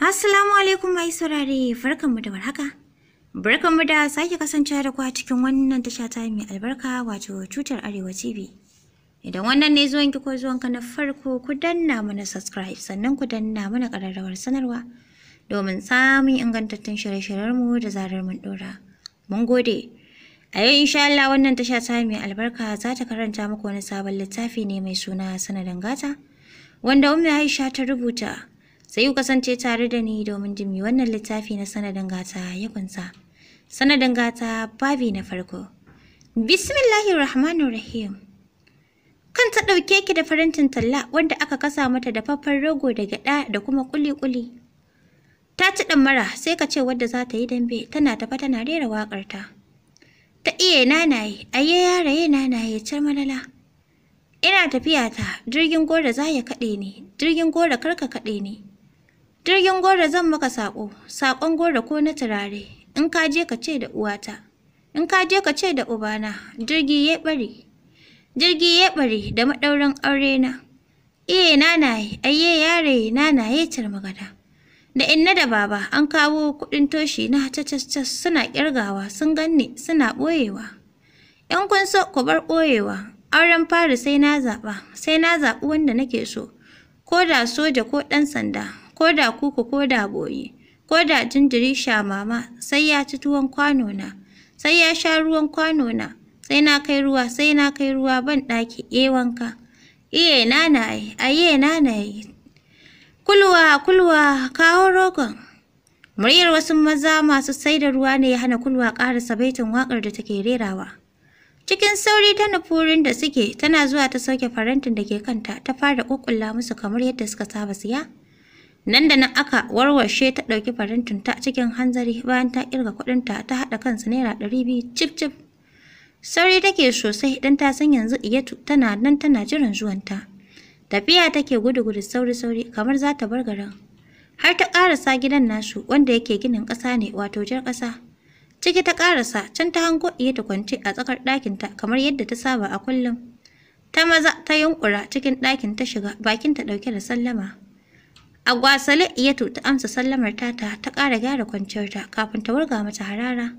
Assalamu alaikum mai saurare, mu da warhaka. mu da sake kasance da ku a cikin wannan tasha ta mai albarka wato cutar Arewa TV. Idan wannan ne zuwan ki ko zuwanka na farko ku danna mana subscribe sannan ku danna mana ƙararrawar sanarwa domin samun ingantattun shirye mu da zarar mun dora Mun gode. A yau insha Allah wannan tasha ta mai albarka za ta karanta muku wani sabon littafi ne mai suna sanadin gata wanda Ummi Aisha ta rubuta. Sai ku kasance tare da ni domin jimi wannan littafi na sanadin gata ya kunsa. Sanadin gata babi na farko. Bismillahir Rahmanir Rahim. Kan ta ɗauke ki da farantin talla wanda aka kasa mata da faffar rogo da gyaɗa da kuma kuli-kuli. Ta ci mara sai ka ce wadda za ta yi dambe tana tafa tana rera wakar Ta ta iya nanaye, yare yaraye nanaye char malala. Ina tafiya ta, jirgin gora za ya kaɗe ni, jirgin gora karka kaɗe ni. Jirgin goro zan maka sako, sakon goro ko na turare, in ka je ka ce da uwata, in ka je ka ce da ubana, jirgi ya bari. jirgi ya bari da maɗaurin aure na. Iye nanaye, ayye yare nanaye tar magana. Da inna da baba an kawo kuɗin toshi na tacacas suna ƙirgawa sun ganni suna ɓoyewa. ‘Yan kun so ku bar ɓoyewa, auren fari sai na zaɓa, sai na zaɓi wanda nake so, ko da soja ko ɗan sanda, ko da kuku ko da boye, ko da jinjiri mama, sai ya ci tuwon kwano na, sai ya sha ruwan kwano na, sai na kai ruwa, sai na kai ruwa ban ɗaki, e wanka. Iye na na yi. Kulwa, kulwa, kawo rogon. Muryar wasu maza masu sai da ruwa ne ya hana kulwa ƙara sabaitin waƙar da take rerawa. Cikin sauri ta nufurin da suke, tana zuwa ta sauke farantin da ke kanta, ta fara ƙuƙulla musu kamar yadda suka saba siya. Nan da nan aka warwashe ta ɗauki farantin ta cikin hanzari bayan ta kirga kuɗinta ta haɗa kansa naira ɗari biyu cif cif. Sauri take sosai don ta san yanzu Iyatu tana nan tana jiran zuwanta. Tafiya take gudu-gudu sauri-sauri kamar za ta bar garin. Har ta ƙarasa gidan nasu wanda yake ginin ƙasa ne wato jar ƙasa. Ciki ta karasa can ta hango Iyatu kwance a tsakar ɗakinta kamar yadda ta saba a kullum. Ta maza ta yunkura cikin ɗakin ta shiga bakinta ɗauke da sallama. A gwasale Iyatu ta amsa sallamar tata ta ƙara gyara kwanciyarta kafin ta wurga mata harara.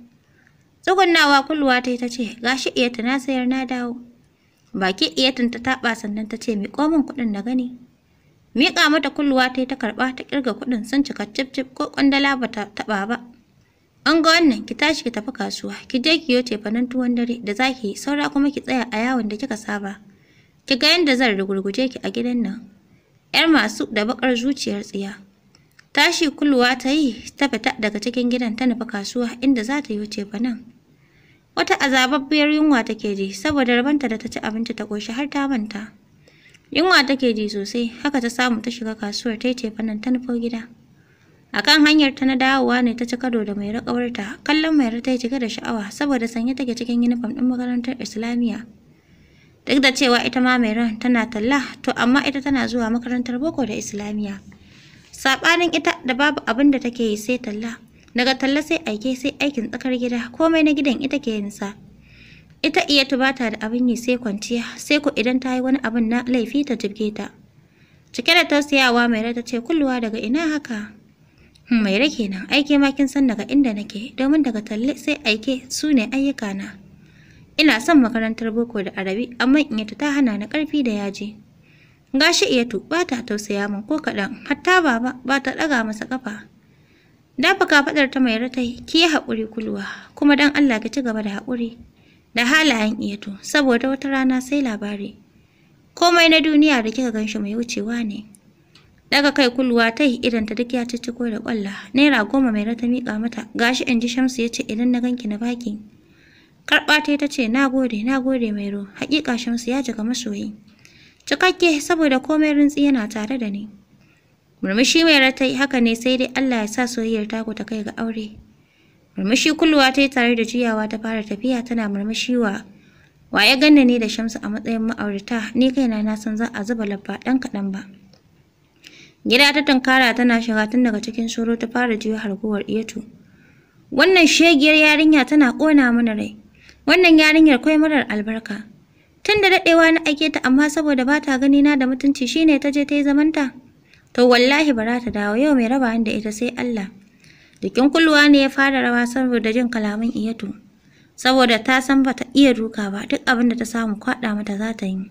Tsugunnawa kulluwa ta yi ta ce, gashi Iyatu na sayar na dawo. Baki Iyatun ta taɓa sannan ta ce, miƙo min kuɗin na gani. Miƙa mata kulluwa ta yi ta karɓa ta ƙirga kuɗin sun cika cif ko ƙwandala ba ta taɓa ba. An ga wannan ki tashi ki tafi kasuwa, ki je ki yo cefanen tuwon dare da za ki yi, saura kuma ki tsaya a yawon da kika saba. Ki ga yadda zan rugurguje ki a gidan nan. 'yar masu da bakar zuciyar tsiya. Tashi kulwa ta yi ta fita daga cikin gidan ta nufi kasuwa inda za ta yi wuce banan. Wata azababbiyar yunwa take ji saboda rabanta da ta ci abinci ta ƙoshi har ta manta. Yunwa take ji sosai haka ta samu ta shiga kasuwar ta yi cefanen ta nufo gida. A kan hanyar ta na dawowa ne ta ci kado da mai raƙawarta kallon mai ta yi cike da sha'awa saboda sanye take cikin yunifom ɗin makarantar Islamiyya. Duk da cewa ita ma mai ran tana talla, to amma ita tana zuwa makarantar boko da Islamiyya. Saɓanin ita da babu abin da take yi sai talla. Daga talla sai aike sai aikin tsakar gida, komai na gidan ita ke yin Ita iya tubata ta da abin yi sai kwanciya, sai ko idan ta yi wani abin na laifi ta jibge ta. Cike da tausayawa mai ta ce kulluwa daga ina haka? Mai hmm, Maira kenan, aike ma kin san daga inda nake, domin daga talle sai aike su ne ayyukana. Ina son makarantar boko da arabi amma Iyatu ta hana ni ƙarfi da yaji. Gashi Iyatu ba ta tausaya min ko kaɗan, hatta baba ba ta ɗaga masa ƙafa. Dafaka faɗar ta mai ratai, ki yi haƙuri kulwa, kuma dan Allah ki ci gaba da haƙuri. Da halayen Iyatu, saboda wata rana sai labari. Komai na duniya da kika ganshi mai wucewa ne. Daga kai kulwa ta yi ta duk ya cicciko da ƙwalla, naira goma mai rata mika mata, gashi in ji Shamsu ya ce idan na ganki na baki. Karɓa ta ta ce, na gode, na gode Mairo, haƙiƙa Shamsu ya jiga masoyi. Cikakke saboda komai rintsi yana tare da ni. Murmushi mai ratai haka ne sai dai Allah ya sa soyayyar taku ta kai ga aure. Murmushi kulluwa ta yi tare da juyawa ta fara tafiya tana murmushi wa ya ganna ne da Shamsu a matsayin ma'aurata ni kaina na san za a zuba labba ɗan kaɗan ba. Gida ta tunkara tana shiga tun daga cikin shuru ta fara juya harguwar iyatu. Wannan shegiyar yarinya tana kona mana rai. Wannan yarinyar kwai marar albarka. Tun da daɗewa na aike ta amma saboda ba ta gani na da mutunci shine ta je ta yi zamanta. To wallahi ba za ta dawo yau mai raba da ita sai Allah. Jikin kulwa ne ya fara rawa saboda jin kalaman iyatu. Saboda ta san ba ta iya duka ba duk abin da ta samu kwaɗa mata za ta yi.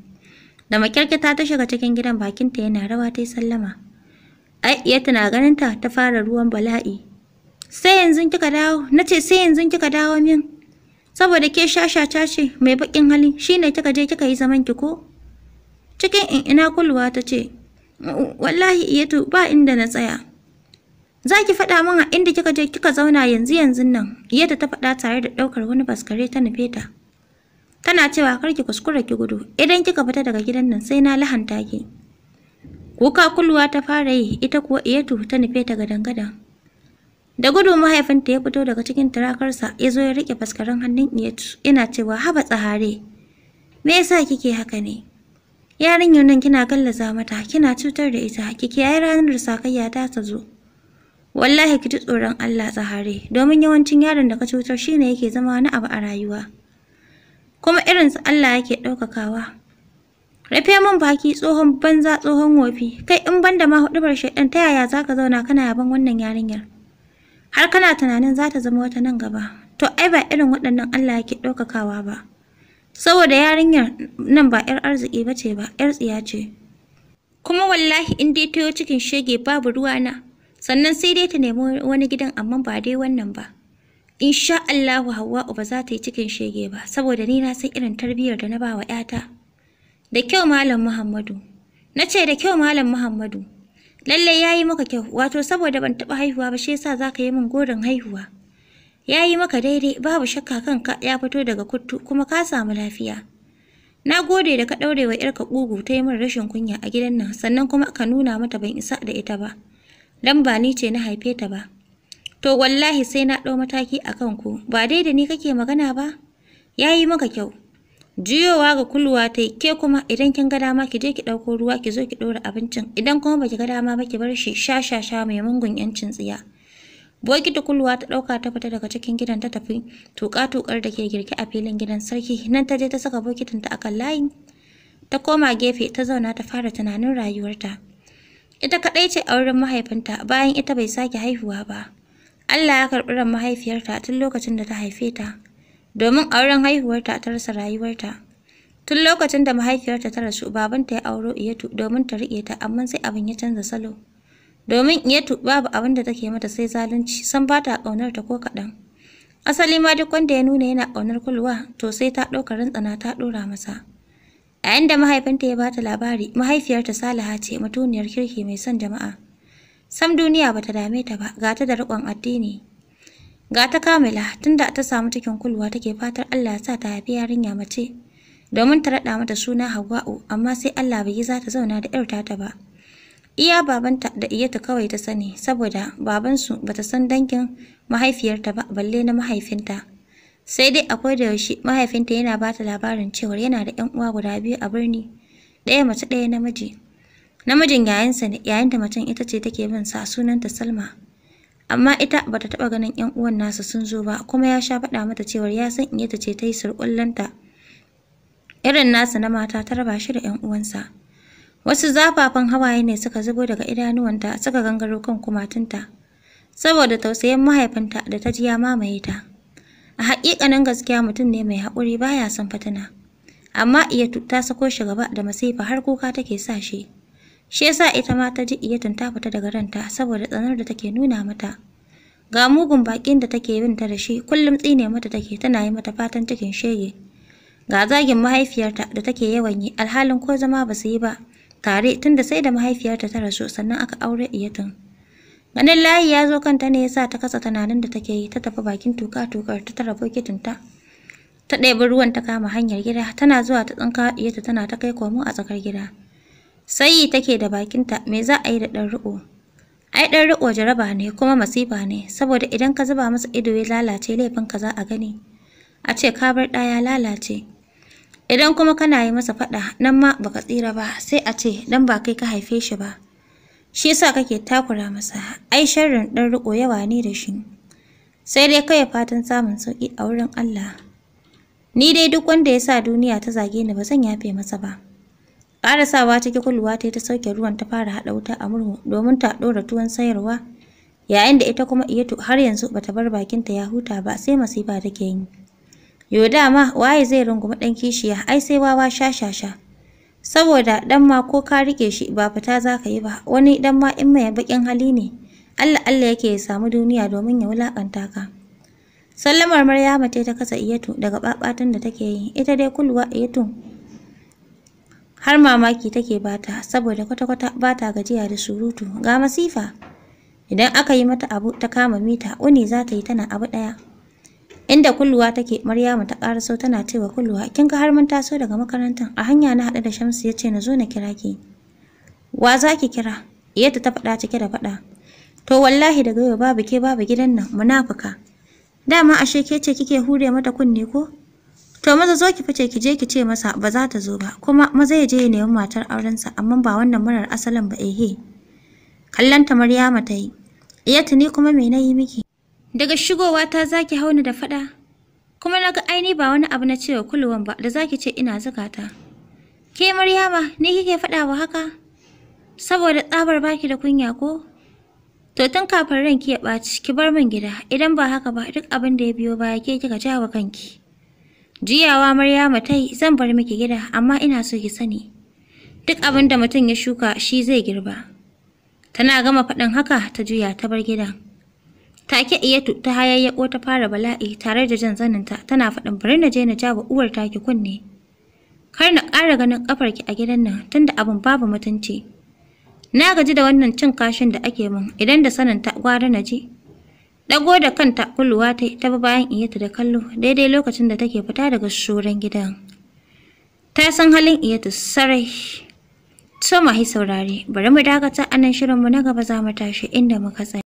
Da makyarkita ta shiga cikin gidan bakinta yana rawa ta yi sallama. Ai iyatu na ganinta ta fara ruwan bala'i. Sai yanzu kika dawo, na ce sai yanzu kika dawo min. saboda ke ta ce mai baƙin hali shine kika je kika yi zaman ki ko cikin in ina kulwa ta ce wallahi iyatu ba inda na tsaya za ki faɗa min a inda kika je kika zauna yanzu yanzun nan iyata ta faɗa tare da ɗaukar wani baskare ta nufe ta tana cewa kar ki kuskura ki gudu idan kika fita daga gidan nan sai na lahanta ki kuka kulwa ta fara yi ita kuwa iyatu ta nufe ta gadan gadan Da gudu mahaifinta ya fito daga cikin turakarsa ya zo ya riƙe faskaren hannun Iyatu yana cewa haba tsahare. Me yasa kike haka ne? Yarinyar nan kina gallaza mata, kina cutar da ita, kike ai ranar sakayya ta ta zo. Wallahi ki tsoron Allah tsahare, domin yawancin yaron da ka cutar shine yake zama wani abu a rayuwa. Kuma irinsu Allah yake ɗaukakawa, rufe min baki tsohon banza tsohon wofi kai in banda ma huɗubar shaidan ta yaya zaka zauna kana yaban wannan yarinyar har kana tunanin za ta zama wata nan gaba to ai ba irin waɗannan Allah yake ɗaukakawa ba saboda yarinyar nan ba 'yar arziki ba ce ba 'yar tsiya ce kuma wallahi in dai tayo cikin shege babu ruwa na sannan sai dai ta nemi wani gidan amma ba dai wannan ba insha Allahu Hawwa'u ba za ta yi cikin shege ba saboda ni na san irin tarbiyyar da na ba wa 'yata da kyau malam Muhammadu na ce da kyau malam Muhammadu Lallai ya yi maka kyau, wato saboda ban taɓa haihuwa ba shi yasa za ka yi min gorin haihuwa. Ya yi maka daidai, babu shakka kanka ya fito daga kuttu kuma ka samu lafiya. Na gode da ka ɗaure wa ‘yarka ƙugu ta yi min rashin kunya a gidan nan, sannan kuma ka nuna mata ban isa da ita ba. Dan ba ni ce na haife ta ba. To wallahi sai na ɗau mataki a kanku, ba dai da ni kake magana ba? Ya yi maka kyau. Juyowa ga kulwa ta yi, ke kuma idan kin ga dama ki je ki ɗauko ruwa ki zo ki ɗora abincin, idan kuma baki ga dama ba ki bar shi sha sha sha mai mungun ‘yancin tsiya. Bokiti kulwa ta ɗauka ta fita daga cikin gidan ta tafi tuƙa-tuƙar da ke girke a filin gidan sarki, nan ta je ta saka bokitin ta akan layi. Ta koma gefe ta zauna ta fara tunanin rayuwarta. Ita kaɗai ce a wurin mahaifinta bayan ita bai sake haihuwa ba. Allah ya karɓi ran mahaifiyarta tun lokacin da ta haife ta. domin auren haihuwarta ta rasa rayuwarta. Tun lokacin da mahaifiyarta ta rasu, babanta ya auro Iyatu domin ta riƙe ta, amma sai abin ya canza salo. Domin Iyatu babu abin da take mata sai zalunci, san ba ta ƙaunar ta ko kaɗan. Asali ma duk wanda ya nuna yana ƙaunar kulwa, to sai ta ɗauka rantsana ta ɗora masa. A yayin da mahaifinta ya bata labari, mahaifiyarta Salaha ce mutuniyar kirki mai son jama'a. Sam duniya bata dame ta ba, gata da riƙon addini. Ga ta Kamila tunda ta samu cikin kulwa take fatar Allah ya sa ta haifi yarinya mace domin ta raɗa mata suna Hawwa'u amma sai Allah bai yi za ta zauna da ƴar tata ba. Iya babanta da iyata kawai ta sani saboda babansu bata san dangin mahaifiyarta ba balle na mahaifinta. Sai dai akwai da yaushe mahaifinta yana bata labarin cewa yana da ƴan uwa guda biyu a birni ɗaya mace ɗaya namiji. Namijin yayansa ne yayin da macen ita ce take bin sa sunanta Salma. amma ita bata taɓa ganin 'yan uwan nasa sun zo ba kuma ya sha faɗa mata cewa ya san in yata ce ta yi surƙullanta irin nasa na mata ta raba shi da 'yan uwansa wasu zafafan hawaye ne suka zubo daga idanuwanta suka gangaro kan kumatunta saboda tausayin mahaifinta da ta ji ya mamaye ta a haƙiƙanin gaskiya mutum ne mai haƙuri baya son fitina amma iyatu ta sako shi gaba da masifa har kuka take sa shi shi yasa ita ma ta ji iyatun ta fita daga ranta saboda tsanar da take nuna mata Ga mugun bakin da take bin ta da shi, kullum tsine mata take tana yi mata fatan cikin shege. Ga zagin mahaifiyarta da take yawan yi, alhalin ko zama ba su yi ba, tare tunda sai da mahaifiyarta ta rasu sannan aka aure iyatin. Ganin layi ya zo kanta ne yasa ta kasa tunanin da take yi, ta tafi bakin tuka-tukar ta tara bokitin Ta ɗebi ruwan ta kama hanyar gida, tana zuwa ta tsinka iyata tana ta kai komo a tsakar gida. sai take da bakinta, me za a yi da ɗan riƙo? Ai ɗan riƙo jaraba ne kuma masifa ne, saboda idan ka zuba masa ido ya lalace laifinka za a gani. A ce ka bar ɗaya lalace. Idan kuma kana yi masa faɗa nan ma baka tsira ba sai a ce dan ba kai ka haife shi ba. Shi yasa kake takura masa, ai sharrin ɗan riƙo yawa ne da shi. Sai dai kawai fatan samun sauƙi a wurin Allah. Ni dai duk wanda ya sa duniya ta zage ni ba zan yafe masa ba. Ƙarasawa ta ki kulwa ta yi ta sauke ruwan ta fara haɗa wuta a murhu domin ta ɗora tuwon sayarwa. Yayin da ita kuma Iyatu har yanzu bata bar bakinta ya huta ba sai masifa take yi. Yo ma waye zai rungumi ɗan kishiya ai sai wawa shashasha. Saboda ɗan ma ko ka riƙe shi ba fita za ka yi ba wani ɗan ma in mai baƙin hali ne. Allah Allah yake ya samu duniya domin ya wulaƙanta ka. Sallamar Maryama ce ta kasa Iyatu daga babatan da take yi, ita dai kulwa Iyatu har mamaki take bata saboda kwata-kwata bata gajiya da surutu ga masifa idan aka yi mata abu ta kama mita uni za ta yi tana abu ɗaya inda kulluwa take maryamu ta ƙaraso tana cewa kulluwa kin ga har mun taso daga makarantar a hanya na haɗu da shamsu ya ce na zo na kira ki wa za ki kira iyata ta faɗa cike da faɗa to wallahi daga yau babu ke babu gidan nan munafuka dama ashe ke ce kike hure mata kunne ko To maza zo ki fice ki je ki ce masa ba za ta zo ba kuma maza ya je ya nemi matar aurensa amma ba wannan marar asalin ba ehe. Kallon ta Maryama ta yi. Iya tuni kuma me nayi miki? Daga shigowa ta zaki hauna da fada. Kuma naga aini ba wani abu na cewa kulwan ba da zaki ce ina zakata. Ke Maryama ni kike fada wa haka? Saboda tsabar baki da kunya ko? To tun kafin ranki ya baci ki bar min gida idan ba haka ba duk abin da ya biyo baya ke kika jawa kanki. Jiyawa Maryama matai, zan bar miki gida amma ina so ki sani. Duk abin da mutum ya shuka shi zai girba. Tana gama faɗin haka ta juya ta bar gidan. Take Iyatu ta hayayyako ta fara bala'i tare da jan zaninta tana faɗin bari na je na jaba uwar ki kunne. Kar na ƙara ganin ki a gidan nan tunda abin babu mutunci. Na gaji da wannan cin kashin da ake mun, idan da saninta gwara na je. Dago da kanta kuluwa ta ta bayan iyata da kallo daidai lokacin da take fita daga shuren gidan. Ta san halin iyata sarai. To mai saurare, bari mu dakata anan shirinmu na gaba za mu tashi inda muka tsaya.